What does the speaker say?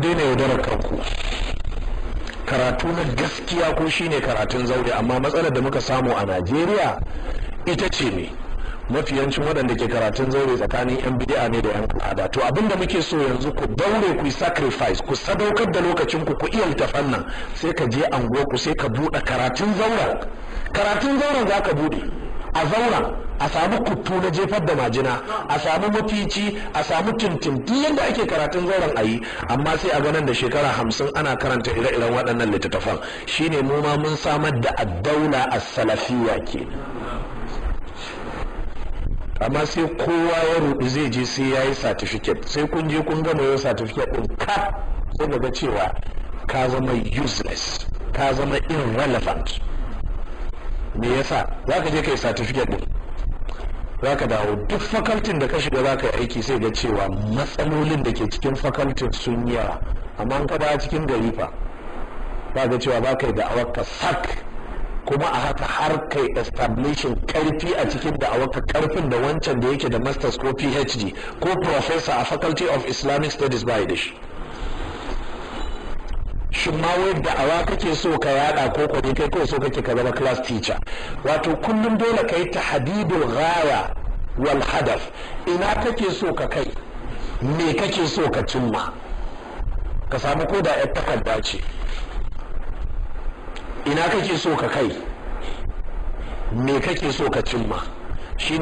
ku daina yaudarar kanku karatu na gaskiya ko shine karatun zaure amma matsalar da muka samu a najeriya ita ce ne mafiyancin waɗanda ke karatun zaure tsakanin yan bid'a ne da yan al'ada to abinda muke so yanzu ku daure ku sacrifice ku sadaukar da lokacin ku ku iya littafan fannan, sai ka je anguwa ku sai ka buɗe karatun zauren karatun zauren za ka buɗe a zauren a samu kuttu na jefar da majina a samu mafici a samu tuntun duk yadda ake karatun zauren ayi amma sai a ganin da shekara hamsin ana karanta ire-iren waɗannan littattafan shine mu ma mun samar da addaula a salafiya ke amma sai kowa ya rudu zai je sai ya yi certificate sai kun je kun gama yin certificate ɗin ka sai daga cewa ka zama useless ka zama irrelevant me yasa za ka je ka yi certificate ɗin za ka dawo duk fakaltin da ka shiga za ka yi aiki sai ga cewa matsalolin da ke cikin fakaltin sun yi yawa amma an kada cikin gari fa za ga cewa za ka yi da'awar ka sak kuma a haka har kai establishing karfi a cikin da'awarka karfin da wancan da yake da masters ko phd ko professor a faculty of islamic studies ba ya da shi shin ma wai awa kake so ka yada ko ko kai kawai so kake ka zama class teacher wato kullum dole kai tahdidul ghaya wal hadaf ina kake so ka kai me kake so ka cimma ka samu ko da yar takarda ce ina kake so ka kai me kake so ka cimma shine